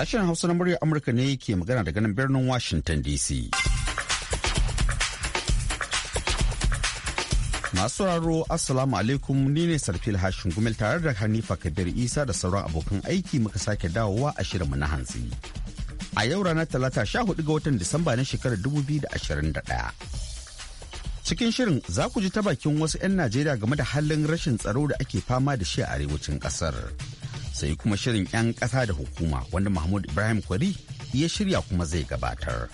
Sashen Hausa na muryar Amurka ne ke magana daga nan birnin Washington DC. Masu raro Assalamu alaikum ni ne Sarfil Hashin Gumel tare da Hanifa Kabir Isa da sauran abokan aiki muka sake dawowa a shirinmu na hantsi. A yau ranar Talata sha hudu ga watan Disamba na shekarar dubu biyu da da ashirin ɗaya Cikin shirin za ku ji ta bakin wasu 'yan Najeriya game da halin rashin tsaro da ake fama da shi a arewacin ƙasar. sai kuma shirin 'yan ƙasa da hukuma wanda Mahmud Ibrahim Kwari ya shirya kuma zai gabatar.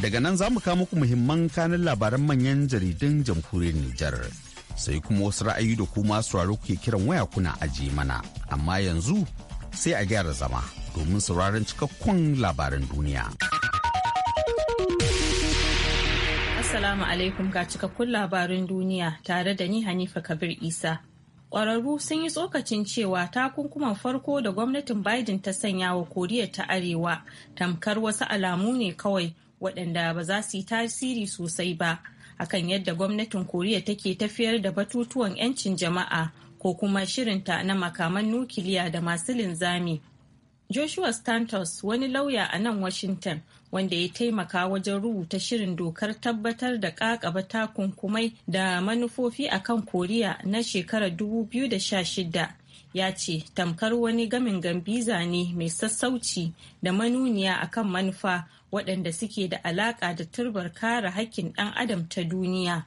Daga nan za mu kawo muku muhimman kanin labaran manyan jaridun jamhuriyar Nijar. Sai kuma wasu ra'ayi da kuma sauraro ke kiran waya kuna aji mana. Amma yanzu sai a gyara zama domin sauraron cikakkun labaran duniya. Assalamu alaikum ga cikakkun labarin duniya tare da ni Hanifa Kabir Isa. kwararru sun yi tsokacin cewa takunkuman farko da gwamnatin biden ta sanya wa koriya ta arewa tamkar wasu alamu ne kawai waɗanda ba za su yi tasiri sosai ba akan yadda gwamnatin koriya take tafiyar da batutuwan 'yancin jama'a ko kuma shirinta na makaman nukiliya da masu linzami Joshua Stantos wani lauya a nan Washington wanda ya taimaka wajen rubuta shirin dokar tabbatar da kakaba takunkumai da manufofi a kan Koriya na shekarar 2016 ya ce tamkar wani gamin gambiza ne mai sassauci da manuniya a kan manufa waɗanda suke da alaƙa da turbar kare haƙƙin ɗan adam ta duniya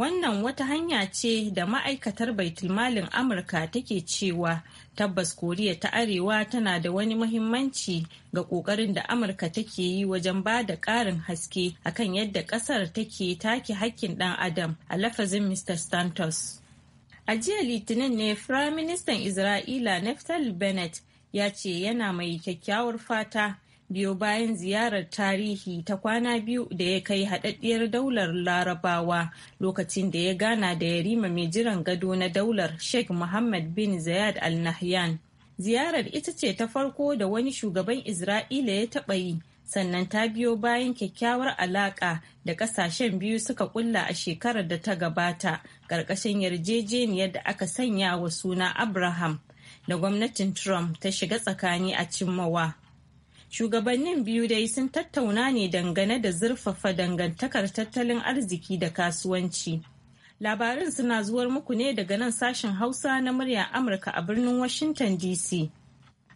Wannan wata hanya ce da ma'aikatar baitulmalin Amurka take cewa tabbas Koriya ta Arewa tana da wani mahimmanci ga ƙoƙarin da Amurka take yi wajen ba da ƙarin haske akan yadda ƙasar take take hakkin ɗan adam a lafazin Mr. Stantos. A jiya Litinin ne Firaministan Isra'ila Naftali Bennett ya ce yana mai kyakkyawar fata biyo bayan ziyarar tarihi ta kwana biyu da ya kai haɗaɗɗiyar daular larabawa lokacin da ya gana da yarima mai jiran gado na daular sheikh muhammad bin zayed al nahyan ziyarar ita ce ta farko da wani shugaban isra'ila ya taɓa yi sannan ta biyo bayan kyakkyawar alaƙa da ƙasashen biyu suka kulla a shekarar da ta gabata ƙarƙashin yarjejeniyar da aka sanya wa suna abraham da gwamnatin trump ta shiga tsakani a cimmawa shugabannin biyu dai sun tattauna ne dangane da zurfafa dangantakar tattalin arziki da kasuwanci labarin suna zuwar muku ne daga nan sashen hausa na muryar amurka a birnin washington dc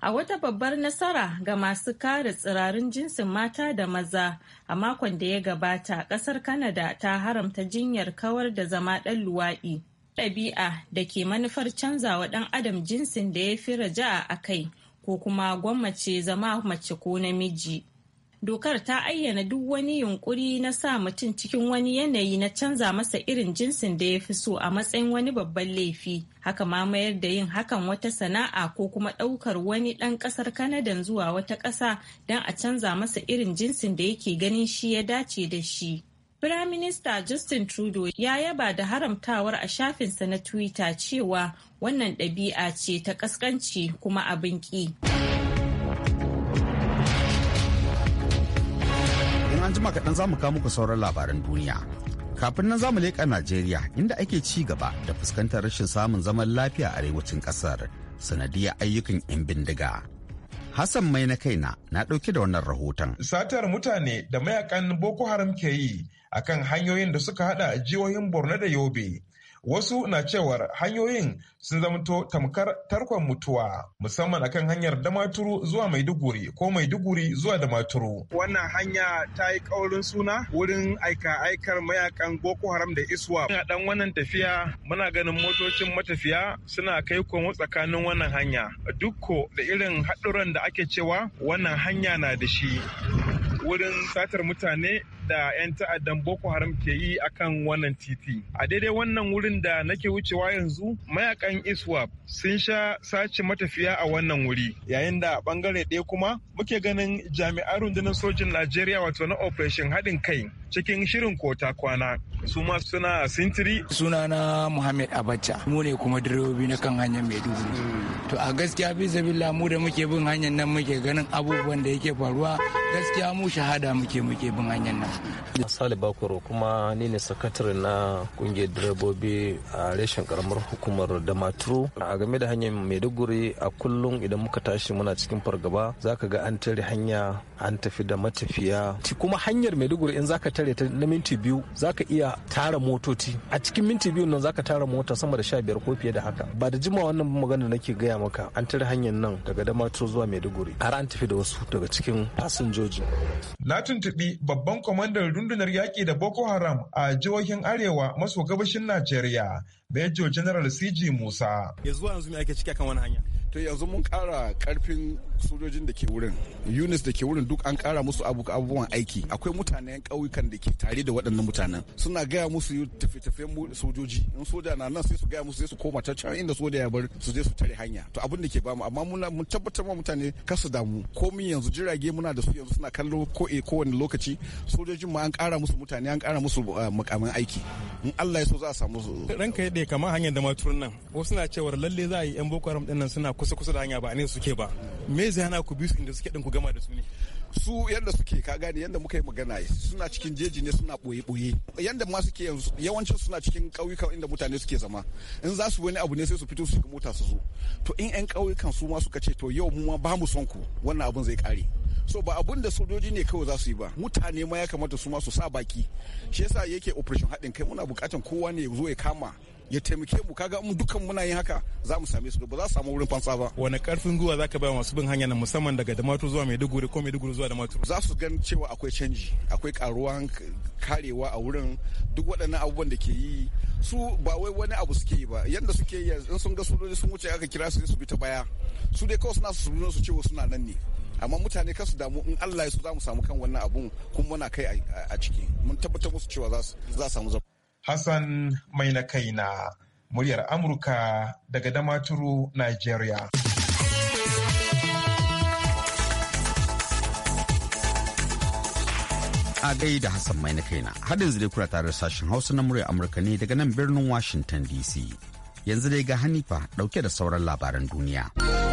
a wata babbar nasara ga masu kare tsirarin jinsin mata da maza a makon da ya gabata kasar Kanada ta haramta jinyar kawar da zama ɗan luwaɗi ɗabi'a da ke manufar canzawa ɗan adam jinsin da ya fi raja a kai ko kuma gwammace zama mace ko namiji. Dokar ta ayyana duk wani yunkuri na sa mutum cikin wani yanayi na canza masa irin jinsin da ya fi so a matsayin wani babban laifi. Haka ma mayar da yin hakan wata sana'a ko kuma ɗaukar wani ɗan ƙasar Kanadan zuwa wata ƙasa don a canza masa irin jinsin da yake ganin shi ya dace da shi. Firaminista Justin Trudeau ya yaba da haramtawar a shafinsa na Twitter cewa wannan ɗabi'a ce ta ƙasƙanci kuma abin ƙi. In an jima kaɗan za mu kawo muku sauran labaran duniya. Kafin nan za mu leƙa Najeriya inda ake ci gaba da fuskantar rashin samun zaman lafiya a arewacin ƙasar sanadiyar ayyukan 'yan bindiga. Hassan mai na kaina na ɗauke da wannan rahoton. Satar mutane da mayakan Boko Haram ke yi akan hanyoyin da suka hada jihohin Borno da Yobe wasu na cewar hanyoyin sun zamanto tamkar tarkon mutuwa musamman akan hanyar damaturu zuwa maiduguri ko maiduguri zuwa damaturu wannan hanya ta yi kaurin suna wurin aika aikar mayakan boko haram da iswa a dan wannan tafiya muna ganin motocin matafiya suna kai komo tsakanin wannan hanya dukko da irin haɗuran da ake cewa wannan hanya na da shi wurin satar mutane da 'yan ta'addan Boko Haram ke yi akan wannan titi. A daidai wannan wurin da nake wucewa yanzu mayakan iswa sun sha sace matafiya a wannan wuri. Yayin da bangare ɗaya kuma muke ganin jami'an rundunar sojin Najeriya wato na Operation haɗin kai cikin shirin kota kwana su ma suna sintiri sunana muhammed abacha mu ne kuma direbobi na kan hanyar maiduguri hmm. to a gaskiya fi sabila mu da muke bin hanyar nan muke ganin abubuwan da yake faruwa gaskiya mu shahada muke muke bin hanyar nan Sale Bakoro kuma ni ne sakatare na kungiyar direbobi a reshen karamar hukumar Damaturu. A game da hanyar Maiduguri a kullum idan muka tashi muna cikin fargaba zaka ga an tare hanya an tafi da matafiya. Kuma hanyar Maiduguri in zaka tare ta na minti biyu zaka iya tara motoci. A cikin minti biyu nan zaka tara mota sama da sha biyar ko fiye da haka. Ba da jima wannan magana nake gaya maka an tare hanyar nan daga Damaturu zuwa Maiduguri. Har an tafi da wasu daga cikin fasinjoji. Na tuntuɓi babban kwamandan. kwamandan rundunar yaƙi da Boko Haram a jihohin Arewa maso gabashin Najeriya, Major General CG Musa. Ya zuwa yanzu me ake ciki akan wani hanya? to yanzu mun kara karfin sojojin da ke wurin unis da ke wurin duk an kara musu abubuwan aiki akwai mutanen kauyukan da ke tare da waɗannan mutanen suna gaya musu tafiye-tafiyen sojoji in soja na nan sai su gaya musu sai su koma ta can inda soja ya bar su je su tare hanya to abin da ke bamu amma muna mun tabbatar ma mutane kar su damu komi yanzu jirage muna da su yanzu suna kallo ko e kowane lokaci sojojin ma an kara musu mutane an kara musu eh, mukamin aiki in Allah ya so za a samu ranka yadda kamar hanyar da maturin nan wasu na cewar lalle za a yi yan boko haram din nan suna kusa-kusa da hanya ba ne suke ba me zai hana ku bi inda suke din ku gama da su ne su yadda suke ka gane yadda muka yi magana suna cikin jeji ne suna boye-boye yadda ma suke yanzu yawancin suna cikin ƙauyuka inda mutane suke zama in za su wani abu ne sai su fito su mota su zo to in 'yan ƙauyukan su ma suka ce to yau mu ma ba mu son ku wannan abun zai kare so ba abun da sojoji ne kawai za su yi ba mutane ma ya kamata su ma su sa baki shi yasa yake operation haɗin kai muna buƙatan kowa ne ya zo ya kama ya taimake mu kaga mu dukan muna yin haka za mu same su da ba za su samu wurin fansa ba wani karfin gwiwa zaka bayar masu bin hanya na musamman daga Damaturu zuwa Maiduguri ko Maiduguri zuwa Damaturu za su gan cewa akwai canji akwai karuwan karewa a wurin duk waɗannan abubuwan da ke yi su ba wai wani abu suke yi ba yadda suke yi in sun ga sojoji sun wuce aka kira su su bi ta baya su dai kawai suna su su cewa suna nan ne amma mutane kan su damu in Allah ya so za mu samu kan wannan abun kuma muna kai a ciki mun tabbatar musu cewa za su samu zama Hassan Mainakaina muryar Amurka daga Damaturu, Nigeria. A da Hassan mai na hadin zai kura tare da sashen Hausa na muryar Amurka ne daga nan birnin Washington DC. Yanzu dai ga Hanifa ɗauke da sauran labaran duniya.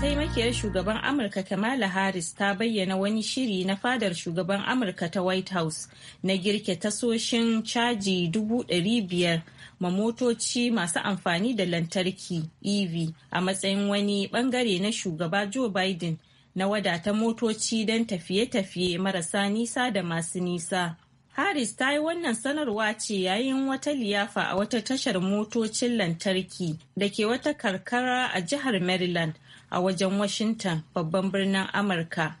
taimakiyar shugaban amurka kamala harris ta bayyana wani shiri na fadar shugaban amurka ta white house na girke tasoshin caji 500,000 ma motoci masu amfani da lantarki ev a matsayin wani bangare na shugaba joe biden na wadata motoci don tafiye-tafiye marasa nisa da masu nisa Harris ta yi wannan sanarwa ce yayin wata liyafa a wata tashar motocin lantarki da ke wata karkara a jihar Maryland a wajen Washington babban birnin Amurka.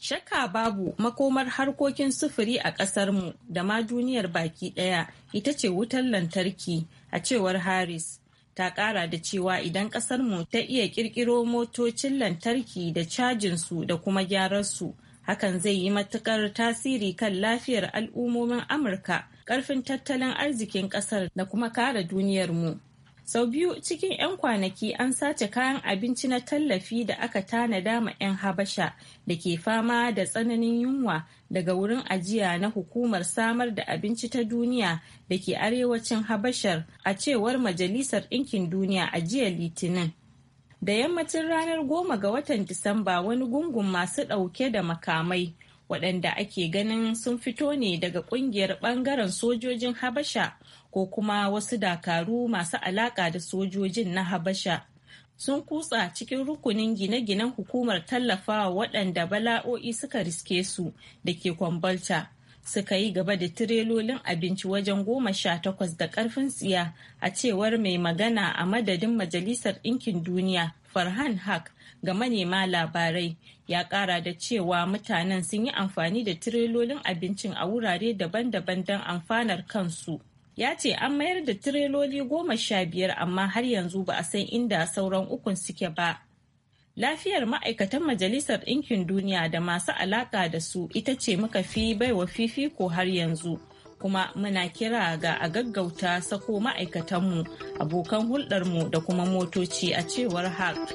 Shakka babu makomar harkokin sufuri a ƙasarmu da ma duniyar baki ɗaya ita ce wutar lantarki a cewar Harris. Ta ƙara da cewa idan ƙasarmu ta iya ƙirƙiro motocin lantarki da cajinsu da kuma gyararsu, hakan zai yi matuƙar tasiri kan lafiyar al'ummomin Amurka, ƙarfin tattalin arzikin ƙasar da kuma kare duniyarmu. sau biyu cikin 'yan kwanaki an sace kayan abinci na tallafi da aka tanada ma 'yan habasha da ke fama da tsananin yunwa daga wurin ajiya na hukumar samar da abinci ta duniya da ke arewacin habashar a cewar majalisar ɗinkin duniya a jiya litinin da yammacin ranar goma ga watan disamba wani gungun masu ɗauke da makamai waɗanda ake ganin sun fito ne daga ƙungiyar ɓangaren sojojin habasha ko kuma wasu dakaru masu alaka da sojojin na habasha sun kutsa cikin rukunin gine-ginen hukumar tallafawa waɗanda bala'o'i suka riske su da ke kwambalta suka yi gaba da tirelolin abinci wajen goma sha takwas da ƙarfin tsiya a cewar mai magana a madadin majalisar ɗinkin duniya farhan haq ga manema labarai ya ƙara da cewa mutanen sun yi amfani da tirelolin abincin a wurare daban-daban don amfanar kansu. ya ce an mayar da tireloli goma sha biyar amma har yanzu ba a san inda sauran ukun suke ba. Lafiyar ma'aikatan Majalisar Ɗinkin Duniya da masu alaƙa da su ita ce muka fi baiwa fifiko har yanzu. Kuma muna kira ga a gaggauta sako ma'aikatanmu, abokan hulɗarmu da kuma motoci a cewar hak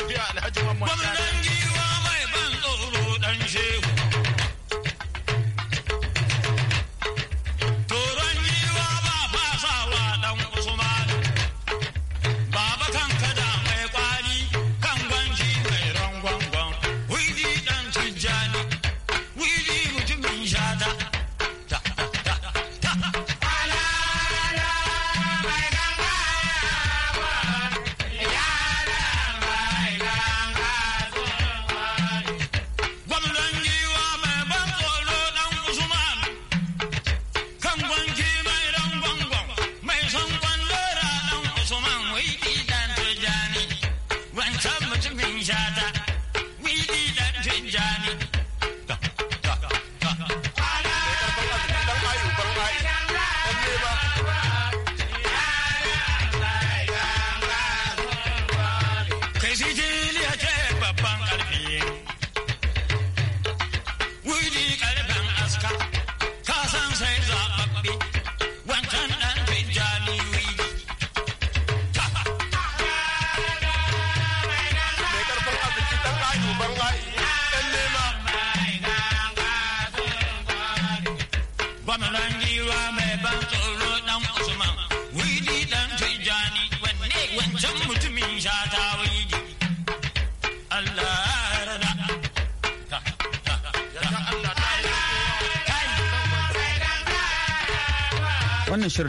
lafiya alhaji Gwamnan giwa mai ban tsoro dan shehu.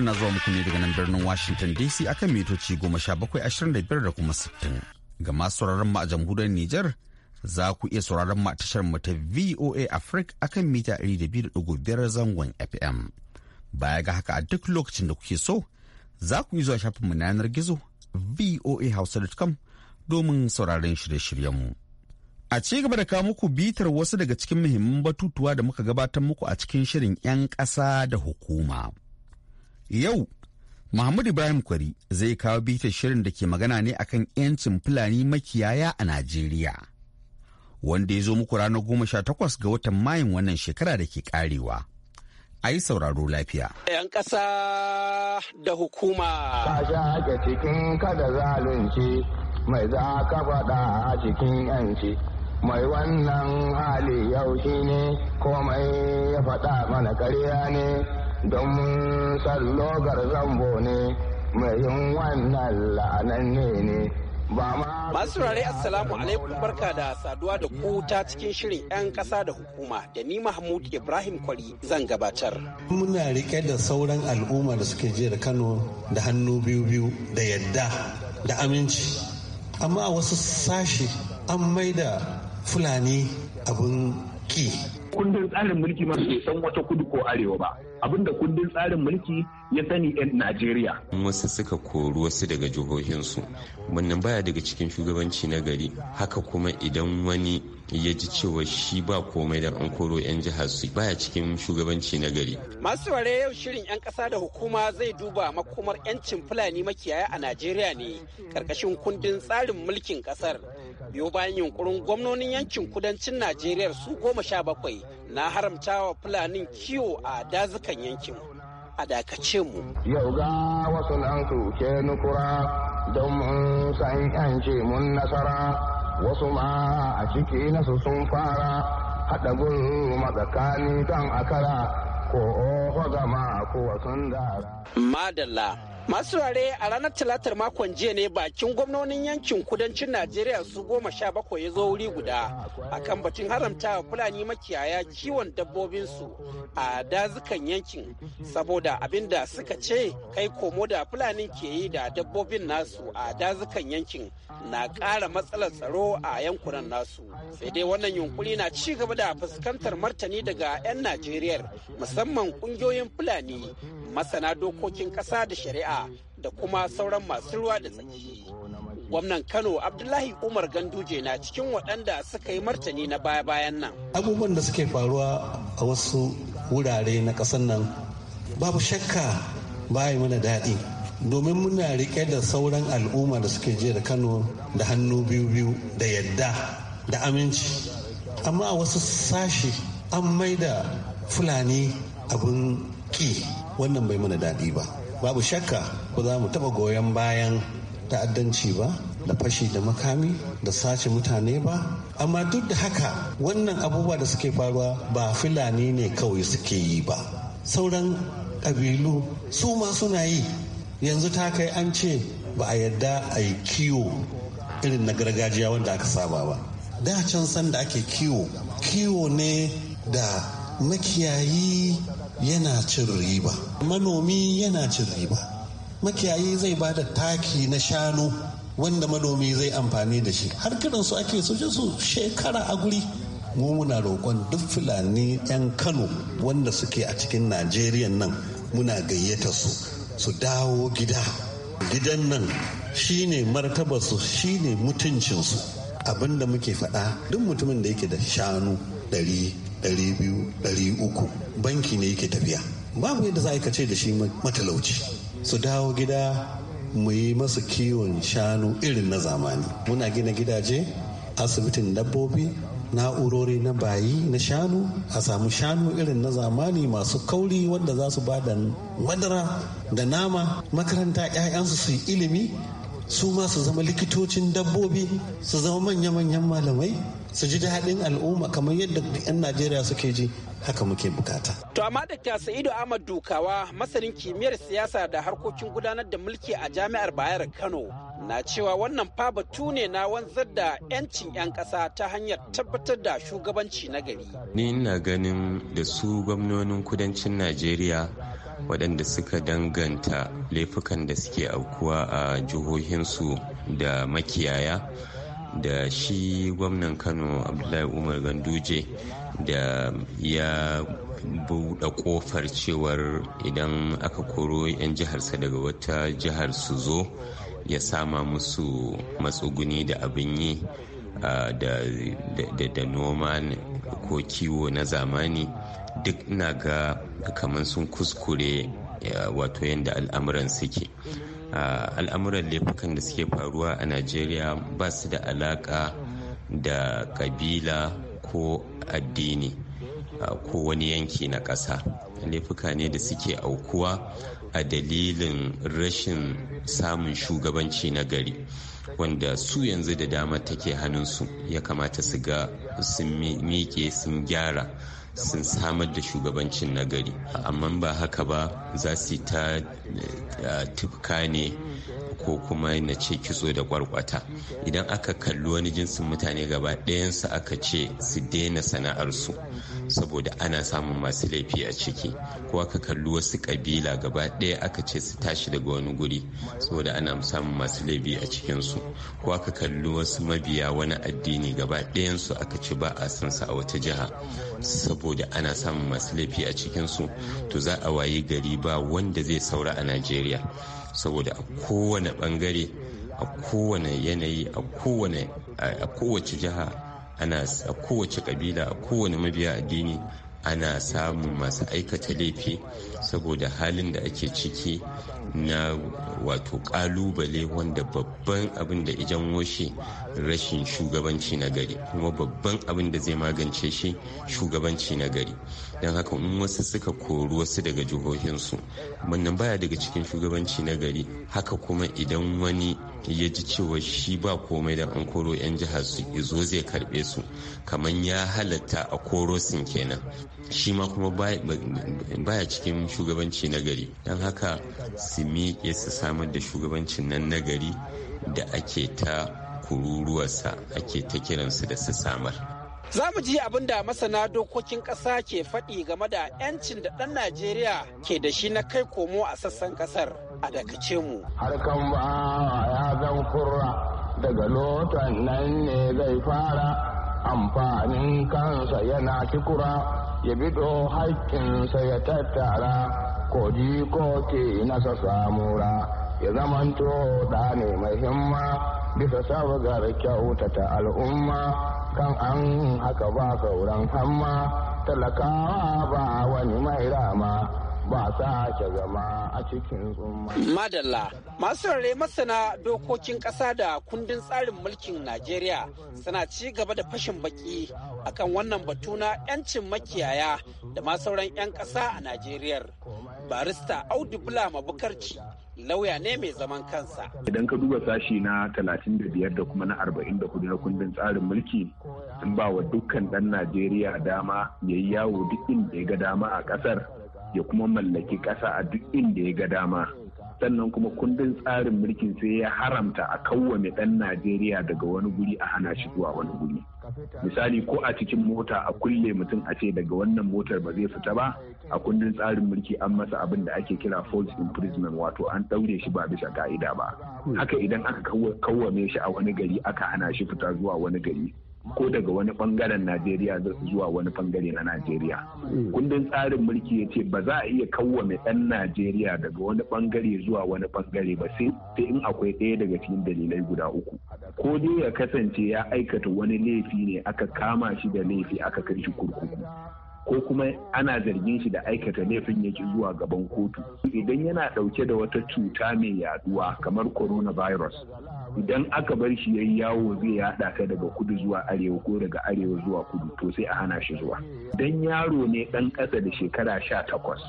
na zuwa muku ne daga nan birnin Washington DC akan mitoci 1725 da kuma 60. Ga masu sauraron mu a jamhuriyar Nijar za ku iya sauraron mu a tashar mu ta VOA Africa akan mita 200.5 zangon FM. Baya ga haka a duk lokacin da kuke so za ku yi zuwa shafin mu na yanar gizo voahouse.com domin sauraron shirye-shiryenmu. A ci gaba da kawo muku bitar wasu daga cikin muhimman batutuwa da muka gabatar muku a cikin shirin 'yan ƙasa da hukuma. Yau, Muhammadu Ibrahim Kwari zai kawo bitar shirin da ke magana ne akan 'yancin Fulani makiyaya a Najeriya. Wanda ya zo muku ranar goma sha takwas ga watan Mayun wannan shekara da ke karewa. a yi sauraro lafiya. 'Yan ƙasa da hukuma. Ka ake cikin kada zalunci mai za ka faɗa a cikin 'yanci. Mai wannan hali yau shi ne komai ya faɗa mana karya ne. don mun sallogar zambo ne mai yin wannan la'anan ne masu turare assalamu alaikum barka da saduwa da ku ta cikin shirin 'yan ƙasa da hukuma da ni mahmud ibrahim kwari zan gabatar muna rike da sauran al'umma da suke jiyar kano da hannu biyu biyu da yadda da aminci amma a wasu sashe an maida fulani abun ki kundin tsarin mulki ma bai san wata kudu ko arewa ba abinda kundin tsarin mulki ya sani yan najeriya wasu suka kori wasu daga jihohinsu wannan baya daga cikin shugabanci na gari haka kuma idan wani ya ji cewa shi ba komai da an koro yan jihar su baya cikin shugabanci na gari masu ware yau shirin yan kasa da hukuma zai duba makomar yancin fulani makiyaya a najeriya ne karkashin kundin tsarin mulkin kasar biyo bayan yunkurin gwamnonin yankin kudancin najeriya su goma sha bakwai na haramtawa fulanin kiwo a dazukan yankin a dakace mu yau ga wasu nan su ke nukura don mun san yance mun nasara wasu ma a ciki nasu sun fara haɗa gulma tsakani kan akara ko oho gama ko wasan dara madalla Masu rare a ranar talatar makon jiya ne bakin gwamnonin yankin kudancin Najeriya su goma sha bakwai ya zo wuri guda kan batun haramta wa Fulani makiyaya kiwon dabbobinsu a dazukan yankin saboda abin da suka ce kai komo da Fulani ke yi da dabbobin nasu a dazukan yankin na ƙara matsalar tsaro a yankunan nasu. Sai dai wannan yunkuri na ci gaba da fuskantar martani daga 'yan Najeriya musamman ƙungiyoyin Fulani masana dokokin ƙasa da shari'a da kuma sauran masu ruwa da tsaki. Gwamnan Kano Abdullahi Umar Ganduje na cikin waɗanda suka yi martani na baya-bayan nan. Abubuwan da suke faruwa a wasu wurare na ƙasar nan babu shakka ba mana daɗi. domin muna riƙe da sauran al'umma da suke je da kano da hannu biyu-biyu da yadda da aminci amma a wasu sashe an maida fulani abin ki wannan bai mana daɗi ba babu shakka ba za mu taɓa goyon bayan ta'addanci ba da fashi da makami da sace mutane ba amma duk da haka wannan abubuwa da suke faruwa ba fulani ne kawai suke yi ba sauran ƙabilu su ma suna yi yanzu ta kai an ce ba a yarda a yi kiwo irin na gargajiya wanda aka saba ba da can san da ake kiwo kiwo ne da makiyayi yana cin riba manomi yana cin riba makiyayi zai ba da taki na shanu wanda manomi zai amfani da shi har kiran su ake su su shekara a guri mu muna roƙon duk fulani 'yan kano wanda suke a cikin najeriya nan muna gayyata su su dawo gida gidan nan shine martabarsu shine mutuncinsu abinda muke faɗa duk mutumin da yake da shanu ɗari ɗari biyu banki ne yake tafiya babu yadda za a ce da shi matalauci su dawo gida mu yi masu kiwon shanu irin na zamani muna gina gidaje asibitin dabbobi na'urori na bayi na shanu a samu shanu irin na zamani masu kauri wanda za su ba da madara da nama makaranta 'ya'yansu su yi ilimi su ma su zama likitocin dabbobi su zama manya-manyan malamai su ji daɗin al'umma kamar yadda 'yan najeriya suke ji haka muke bukata. to amma da sa'idu ahmad dukawa masanin kimiyyar siyasa da harkokin gudanar da mulki a jami'ar bayar kano na cewa wannan fa batu ne na wanzar da 'yancin 'yan ƙasa ta hanyar tabbatar da shugabanci na gari. Ni ina ganin da su gwamnonin kudancin Najeriya waɗanda suka danganta laifukan da suke aukuwa a jihohinsu da makiyaya da shi gwamnan kano abdullahi umar ganduje da ya buɗe ƙofar cewar idan aka koro 'yan jiharsa daga wata jihar su zo ya sama musu matsuguni da abin yi da noma ko kiwo na zamani duk ina ga kamar sun kuskure wato yadda al'amuran suke al'amuran laifukan da suke faruwa a najeriya ba su da alaka da kabila ko addini ko wani yanki na ƙasa laifuka ne da suke aukuwa a dalilin rashin samun shugabanci na gari wanda su yanzu da dama take hannunsu ya kamata su ga sun miƙe sun gyara sun samar da shugabancin nagari amma ba haka ba za su ta eh, tufka ne ko kuma na ce kitso da kwarkwata idan aka kalli wani jinsin mutane gaba ɗayansu aka ce su daina sana'arsu saboda ana samun masu laifi a ciki ko aka kalli wasu ƙabila gaba ɗaya aka ce su tashi daga wani guri saboda ana samun masu laifi a cikinsu ko aka kalli wasu mabiya wani addini gaba ɗayansu aka ce ba a san su a wata jiha saboda ana samun masu laifi a cikinsu to za a wayi gari ba wanda zai saura a najeriya saboda a kowane bangare a kowane yanayi a kowane a kowace jiha ana a kowace kabila a kowane mabiya addini ana samun masu aikata laifi saboda halin da ake ciki na wato kalubale wanda babban abin da ijan washe rashin shugabanci na gari kuma babban abin da zai magance shi shugabanci na gari don haka in wasu suka kori wasu daga jihohinsu wannan baya daga cikin shugabanci na gari haka kuma idan wani ya ji cewa shi ba komai da an koro 'yan jihar su izo zai karbe su kamar ya halatta a koro sun kenan shi ma kuma baya cikin shugabanci na gari don haka su miƙe su samar da shugabancin nan na gari da ake ta kururuwarsa ake ta kiransu da su samar Za mu ji abin da masana dokokin ƙasa ke faɗi game da 'yancin da ɗan Najeriya ke da shi na kai komo a sassan ƙasar a dakace mu. Harkan ba ya zan kurra daga lotan nan ne zai fara amfanin kansa yana kikura ya bido haƙƙinsa ya tattara ko ko ke nasa samura ya zamanto da ne mai himma bisa sabgar kyautata al'umma kan an haka ba sauran hamma talakawa ba wani mai rama ba sake zama a cikin tsumma. Madalla, masu rare masana dokokin ƙasa da kundin tsarin mulkin Najeriya suna ci gaba da fashin baki akan wannan batu na 'yancin makiyaya da ma sauran 'yan ƙasa a Najeriya. Barista Audu Bula Mabukarci lauya ne mai zaman kansa. Idan ka duba sashi na 35 da kuma na 44 na kundin tsarin mulki sun ba wa dukkan ɗan Najeriya dama ya yi yawo duk inda ya ga dama a ƙasar ya kuma mallaki ƙasa a duk inda ya ga dama. sannan kuma kundin tsarin mulkin sai ya haramta a kawwame ɗan najeriya daga wani guri a hana shi zuwa wani guri misali ko a cikin mota a kulle mutum a ce daga wannan motar ba zai fita ba a kundin tsarin mulki an masa abin da ake kira false imprisonment wato an ɗaure shi ba bisa ka'ida ba haka idan aka kawwame shi a wani gari aka hana shi fita zuwa wani gari ko daga wani bangaren najeriya zuwa wani bangare na najeriya hmm. kundin tsarin mulki ya ce ba za a iya kawwame ɗan najeriya daga wani bangare zuwa wani bangare ba sai in akwai ɗaya daga cikin dalilai guda uku ko dai ya kasance ya aikata wani laifi ne aka kama shi da laifi aka kai shi kurkuku ko kuma ana zargin shi da aikata laifin yake zuwa gaban kotu idan yana dauke da wata cuta mai yaduwa kamar coronavirus idan aka bar shi yayi yawo zai yada ta daga kudu zuwa arewa ko daga arewa zuwa kudu to sai a hana shi zuwa dan yaro ne dan kasa da shekara sha takwas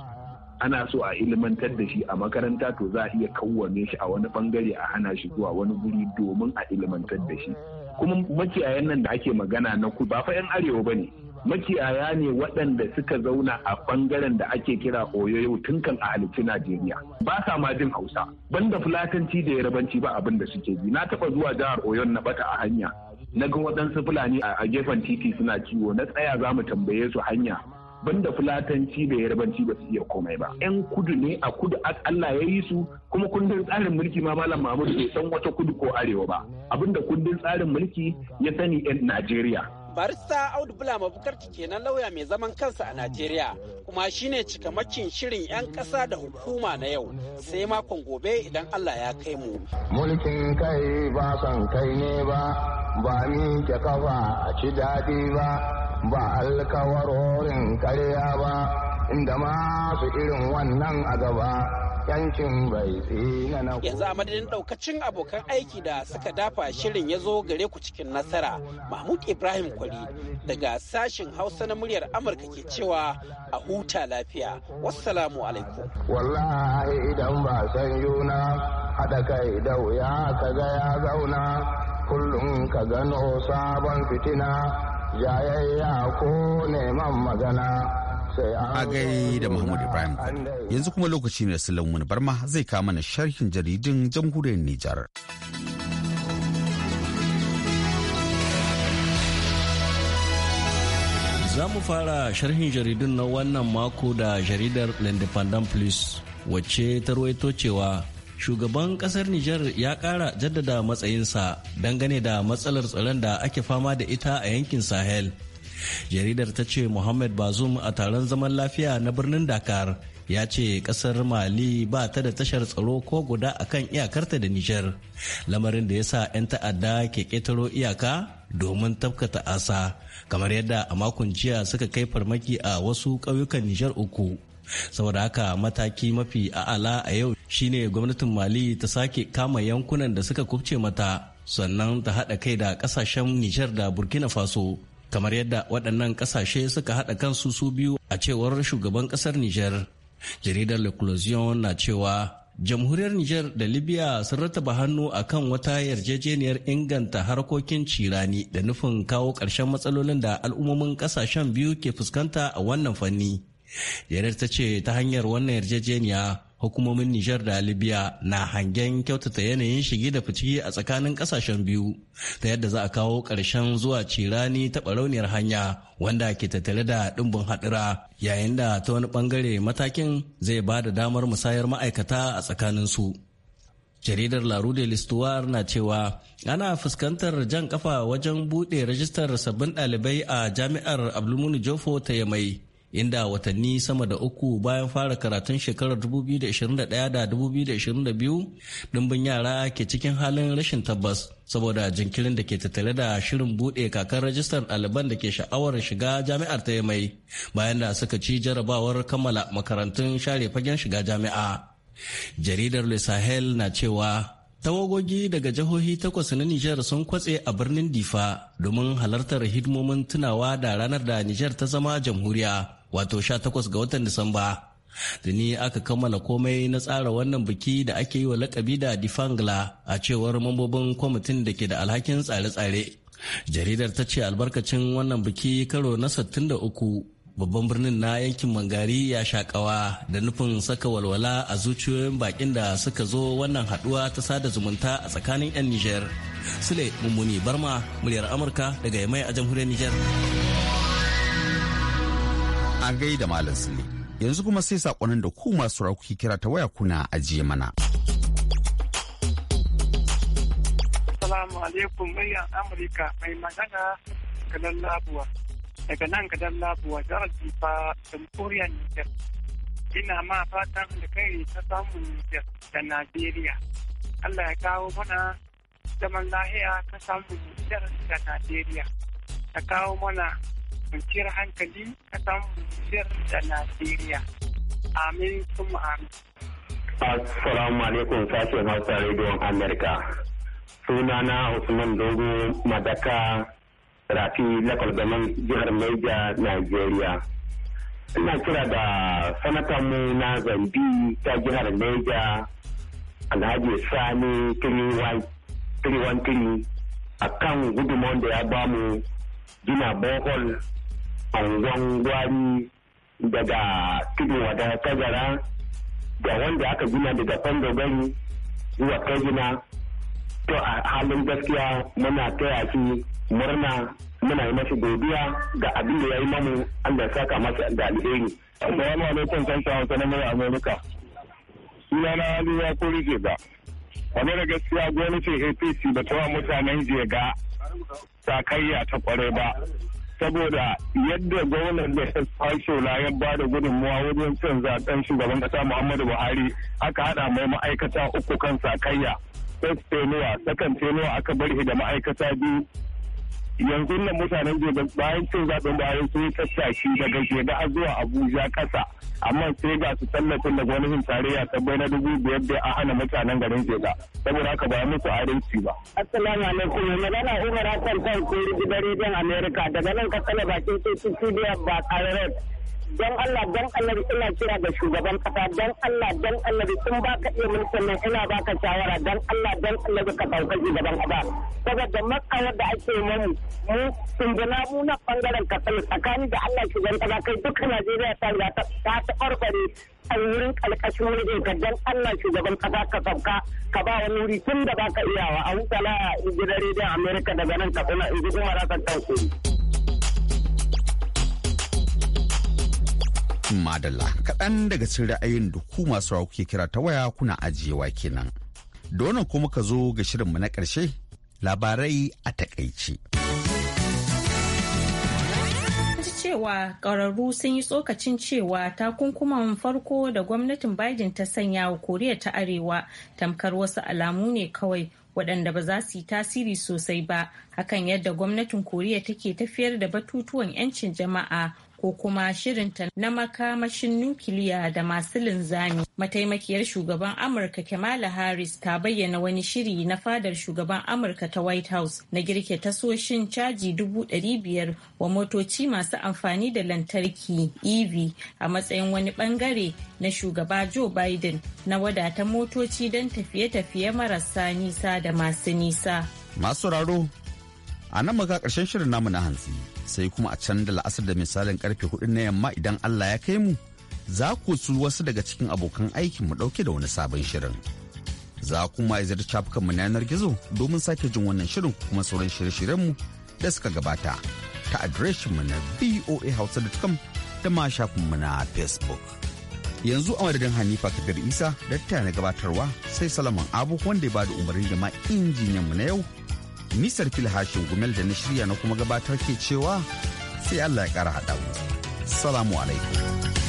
ana so a ilmantar da shi a makaranta to za a iya kawwame shi a wani bangare a hana shi zuwa wani guri domin a ilmantar da shi kuma makiyayen nan da ake magana na ku ba fa yan arewa bane makiyaya ne waɗanda suka zauna a ɓangaren da ake kira oyoyo tun kan a halittu najeriya ba sa ma jin hausa banda fulatanci da yarabanci ba abin da suke ji na taɓa zuwa jihar Oyo na bata a hanya na ga waɗansu fulani a gefen titi suna ciwo na tsaya za mu tambaye su hanya banda fulatanci da yarabanci ba su iya komai ba yan kudu ne a kudu Allah ya yi su kuma kundin tsarin mulki ma malam Mahmud bai san wata kudu ko arewa ba abinda kundin tsarin mulki ya sani yan Najeriya barista audu bula bukarti kenan lauya mai zaman kansa a najeriya kuma shine cikamakin shirin 'yan ƙasa da hukuma na yau sai makon gobe idan allah ya kai mu mulkin kai ba san kai ne ba ba ni ke kafa a ci daɗi ba ba alkawarorin karya ba inda masu irin wannan a gaba yankin bai tsinana yanzu a madadin daukacin abokan aiki da suka dafa shirin ya zo gare ku cikin nasara mahmud ibrahim kwari daga sashin hausa na muryar amurka ke cewa a huta lafiya wassalamu alaikum wallahi idan ba san yuna haɗa kai da wuya kaga ya zauna kullum ka gano sabon fitina jayayya ko neman magana a ah, da Mahmud Ibrahim yanzu kuma lokaci ne da Sulaiman Barma zai kawo mana sharhin jaridin jamhuriyar Nijar. Za mu fara sharhin jaridun na wannan mako da jaridar L'Independent Police wacce ta ruwaito cewa shugaban kasar Nijar ya kara jaddada matsayinsa dangane da matsalar tsaron da ake fama da ita a yankin Sahel jaridar ta ce muhammad bazum a taron zaman lafiya na birnin dakar ya ce kasar mali ba ta da tashar tsaro ko guda a kan iyakarta da nijar lamarin da ya sa 'yan ta'adda ke ƙetaro iyaka domin tafkata asa kamar yadda a makon jiya suka kai farmaki a wasu ƙauyukan nijar uku saboda haka mataki mafi a'ala a yau shine gwamnatin mali ta sake kama yankunan da suka kubce mata sannan ta haɗa kai da ƙasashen nijar da burkina faso kamar yadda waɗannan ƙasashe suka haɗa kansu su biyu a cewar shugaban ƙasar Nijar. Jaridar L'Eclosion na cewa jamhuriyar Nijar da Libya sun rataba hannu a kan wata yarjejeniyar inganta harkokin cirani da nufin kawo ƙarshen matsalolin da al'ummomin ƙasashen biyu ke fuskanta a wannan fanni. Jaridar ta ce ta hanyar wannan yarjejeniya hukumomin Nijar da Libya na hangen kyautata yanayin shige da fice a tsakanin kasashen biyu ta yadda za a kawo ƙarshen zuwa cirani ta barauniyar hanya wanda ke tattare da dimbin haɗura yayin da ta wani ɓangare matakin zai ba da damar musayar ma'aikata a tsakanin su. Jaridar Larude Listuwar na cewa ana fuskantar jan kafa wajen buɗe rajistar sabbin ɗalibai a jami'ar Abdulmuni Jofo ta Yamai. inda watanni sama da uku bayan fara karatun shekarar 2021 da 2022 Ɗumbin yara ke cikin halin rashin tabbas saboda jinkirin da ke tattare da shirin buɗe kakar rajistar ɗaliban da ke sha'awar shiga jami'ar ta mai bayan da suka ci jarabawar kammala makarantun share fagen shiga jami'a jaridar le sahel na cewa Tawagogi daga jihohi takwas na Nijar sun kwatse a birnin Difa domin halartar hidimomin tunawa da ranar da Nijar ta zama jamhuriya wato 18 ga watan Disamba. Da Tuni aka kammala komai na tsara wannan biki da ake yi wa lakabi da Difangla a cewar mambobin kwamitin da ke da alhakin tsare-tsare. Jaridar ta ce albarkacin wannan biki karo na 63 babban birnin na yankin mangari ya shakawa da nufin saka walwala a zuciyoyin bakin da suka zo wannan haduwa ta sada zumunta a tsakanin 'yan nijar sule mummuni barma muryar amurka daga yamai a jamhuriyar niger a gaida malam sule yanzu kuma sai sakonin da ku masu kira ta waya kuna ajiye mana Salamu alaikum, Amurka mai magana ga labuwa. daga nan gadar labuwa jihar jifa jamhuriyar niger ina ma fatan da kai ta samun niger da najeriya allah ya kawo mana zaman lahiya ta samun niger da najeriya ta kawo mana kwanciyar hankali ta samun niger da najeriya amin kuma amin Assalamu alaikum sashen Hausa Radio Amerika. Sunana Usman Dogo Madaka rafi na kwalgaman jihar Naija, Najeriya. Ina kira da sanatanmu na zambi ta jihar Naija Alhaji Sani 313 a kan gudunmawar da ya bamu gina bohol a gwari daga tudun wadatar kagara da wanda aka gina daga fangogari zuwa gina to a halin gaskiya muna taya shi murna muna yi mashi godiya ga abin da ya yi mamu an da saka masa da alheri. Assalamu alaikum san ta hausa na mai Amerika. Suna na wani ya kori ke ba. Wani da gaskiya gwamnatin APC ba ta wa mutanen jega sakayya ta kware ba. Saboda yadda gwamnan da ya fashola ya ba da gudunmuwa wajen cin zaben shugaban kasa Muhammadu Buhari aka haɗa mai ma'aikata uku kan sakayya. first tenuwa second tenuwa aka bar shi da ma'aikata biyu yanzu nan mutanen jebe bayan cin zaɓen bayan sun yi tattaki daga jebe har zuwa abuja ƙasa amma sai ga su tallafin da hin tarayya ta bai na dubu biyar da a hana mutanen garin jebe saboda haka ba musu adalci ba. assalamu alaikum mai magana umar hassan kan kuri gidan rediyon america daga nan kasala bakin cikin cibiyar ba kare don Allah don annabi ina kira ga shugaban kasa don Allah don annabi in ba ka iya mulkin nan ina ba ka shawara don Allah don annabi ka dauka shugaban kasa saboda matsayar da ake mamu mu tunjana mu na bangaren kasa tsakani da Allah shugaban kasa kai duka Najeriya ta riga ta ta farfare a wurin kalkashin wurin ka don Allah shugaban kasa ka sauka ka ba wani wuri tun da ba ka wa a huta la gidan rediyon America daga nan ka kuma in ji kuma za ka Madalla kaɗan daga cikin ra'ayin da ku masu rawa kuke kira ta waya kuna ajiyewa kenan. Da wannan kuma ka zo ga shirinmu na ƙarshe labarai a takaice. cewa ƙwararru sun yi tsokacin cewa takunkuman farko da gwamnatin Biden ta sanya wa Koriya ta Arewa tamkar wasu alamu ne kawai waɗanda ba za su yi tasiri sosai ba hakan yadda gwamnatin Koriya take tafiyar da batutuwan 'yancin jama'a ko kuma shirinta na makamashin nukiliya da masu linzami. Mataimakiyar shugaban Amurka Kamala Harris ta bayyana wani shiri na fadar shugaban Amurka ta White House na girke tasoshin caji dubu ɗari biyar wa motoci masu amfani da lantarki EV a matsayin wani bangare na shugaba Joe Biden na wadata motoci don tafiye-tafiye marasa nisa da masu nisa. Masu raro, a nan muka ƙarshen shirin namu na hantsi. sai kuma a can da la'asar da misalin karfe hudu na yamma idan Allah ya kai mu za ku su wasu daga cikin abokan aikin mu dauke da wani sabon shirin. Za kuma izar shafukan mu na yanar gizo domin sake jin wannan shirin kuma sauran shirye-shiryen mu da suka gabata ta adireshin mu na voahausa.com da ma shafin mu na Facebook. yanzu a madadin hanifa kabir isa da ta na gabatarwa sai salaman abu wanda ya bada umarni da ma injiniyan mu na yau Nisar filhashin gumel da na shirya na kuma gabatar ke cewa sai Allah ya kara haɗa mu. Salamu alaikum.